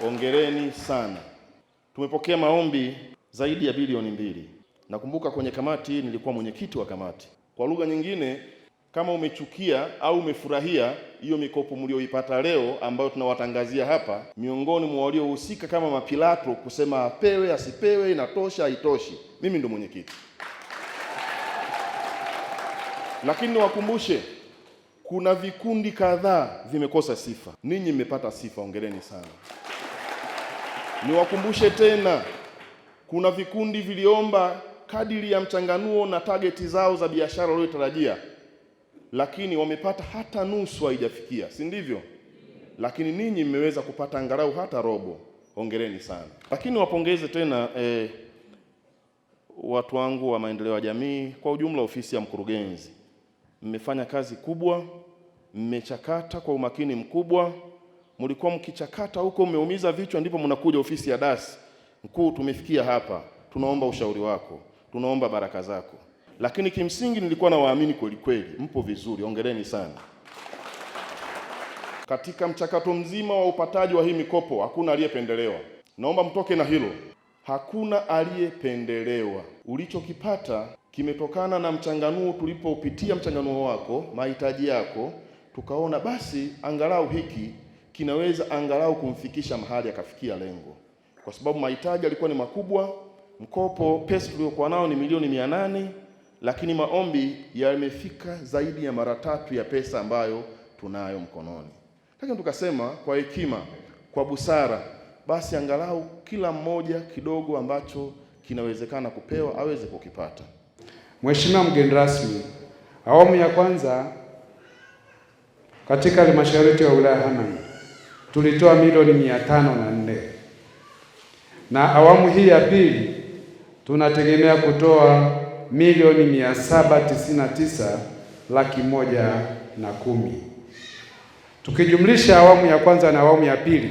Hongereni sana. Tumepokea maombi zaidi ya bilioni mbili. Nakumbuka kwenye kamati nilikuwa mwenyekiti wa kamati. Kwa lugha nyingine, kama umechukia au umefurahia hiyo mikopo mlioipata leo ambayo tunawatangazia hapa, miongoni mwa waliohusika kama mapilato kusema apewe asipewe, inatosha haitoshi, mimi ndo mwenyekiti lakini niwakumbushe kuna vikundi kadhaa vimekosa sifa. Ninyi mmepata sifa, ongereni sana. Niwakumbushe tena kuna vikundi viliomba kadiri ya mchanganuo na tageti zao za biashara waliotarajia, lakini wamepata hata nusu haijafikia, si ndivyo? Lakini ninyi mmeweza kupata angalau hata robo. Hongereni sana. Lakini wapongeze tena eh, watu wangu wa maendeleo ya jamii kwa ujumla, ofisi ya mkurugenzi, mmefanya kazi kubwa, mmechakata kwa umakini mkubwa mlikuwa mkichakata huko, mmeumiza vichwa, ndipo mnakuja ofisi ya dasi mkuu, tumefikia hapa, tunaomba ushauri wako, tunaomba baraka zako. Lakini kimsingi nilikuwa nawaamini kweli kweli, mpo vizuri, ongereni sana. Katika mchakato mzima wa upataji wa hii mikopo hakuna aliyependelewa, naomba mtoke na hilo. Hakuna aliyependelewa. Ulichokipata kimetokana na mchanganuo, tulipopitia mchanganuo wako, mahitaji yako, tukaona basi angalau hiki kinaweza angalau kumfikisha mahali akafikia lengo, kwa sababu mahitaji alikuwa ni makubwa. Mkopo pesa tuliokuwa nao ni milioni mia nane lakini maombi yamefika zaidi ya mara tatu ya pesa ambayo tunayo mkononi. Lakini tukasema kwa hekima, kwa busara, basi angalau kila mmoja kidogo ambacho kinawezekana kupewa aweze kukipata. Mheshimiwa mgeni rasmi, awamu ya kwanza katika halmashauri ya wilaya Hanang' tulitoa milioni mia tano na nne na awamu hii ya pili tunategemea kutoa milioni mia saba tisini na tisa laki moja na kumi. Tukijumlisha awamu ya kwanza na awamu ya pili,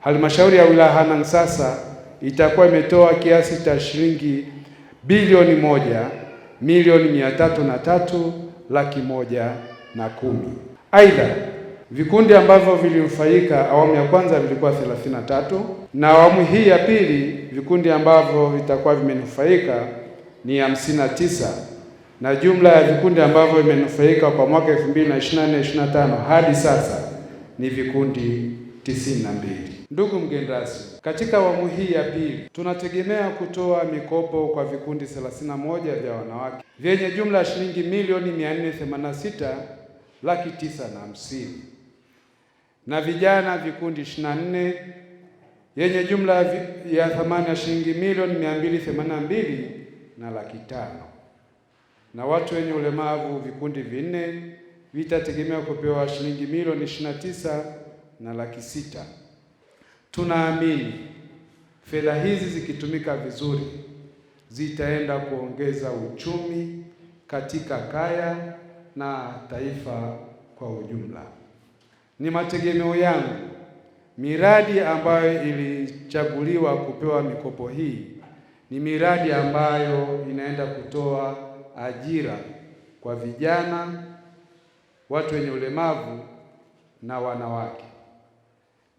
halmashauri ya wilaya Hanang' sasa itakuwa imetoa kiasi cha shilingi bilioni moja milioni mia tatu na tatu laki moja na kumi. Aidha Vikundi ambavyo vilinufaika awamu ya kwanza vilikuwa 33 na awamu hii ya pili vikundi ambavyo vitakuwa vimenufaika ni 59 na jumla ya vikundi ambavyo vimenufaika kwa mwaka 2024/25 hadi sasa ni vikundi mbili. Ndugu mgeni rasmi, katika awamu hii ya pili tunategemea kutoa mikopo kwa vikundi 31 vya wanawake vyenye jumla ya shilingi milioni 486 laki tisa na hamsini na vijana vikundi 24 yenye jumla ya thamani ya shilingi milioni 282 na laki tano, na watu wenye ulemavu vikundi vinne vitategemea kupewa shilingi milioni 29 na laki sita. Tunaamini fedha hizi zikitumika vizuri zitaenda kuongeza uchumi katika kaya na taifa kwa ujumla ni mategemeo yangu. Miradi ambayo ilichaguliwa kupewa mikopo hii ni miradi ambayo inaenda kutoa ajira kwa vijana, watu wenye ulemavu na wanawake.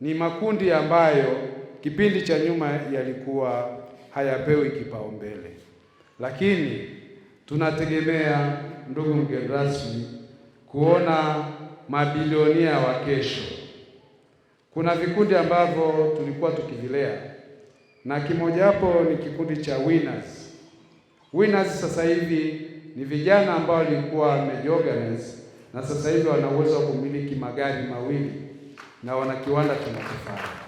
Ni makundi ambayo kipindi cha nyuma yalikuwa hayapewi kipaumbele, lakini tunategemea, ndugu mgeni rasmi kuona mabilionia wa kesho. Kuna vikundi ambavyo tulikuwa tukivilea na kimojawapo ni kikundi cha Winners. Winners sasa hivi ni vijana ambao walikuwa wamejiorganize na sasa hivi wana uwezo wa kumiliki magari mawili na wana kiwanda cha matofali.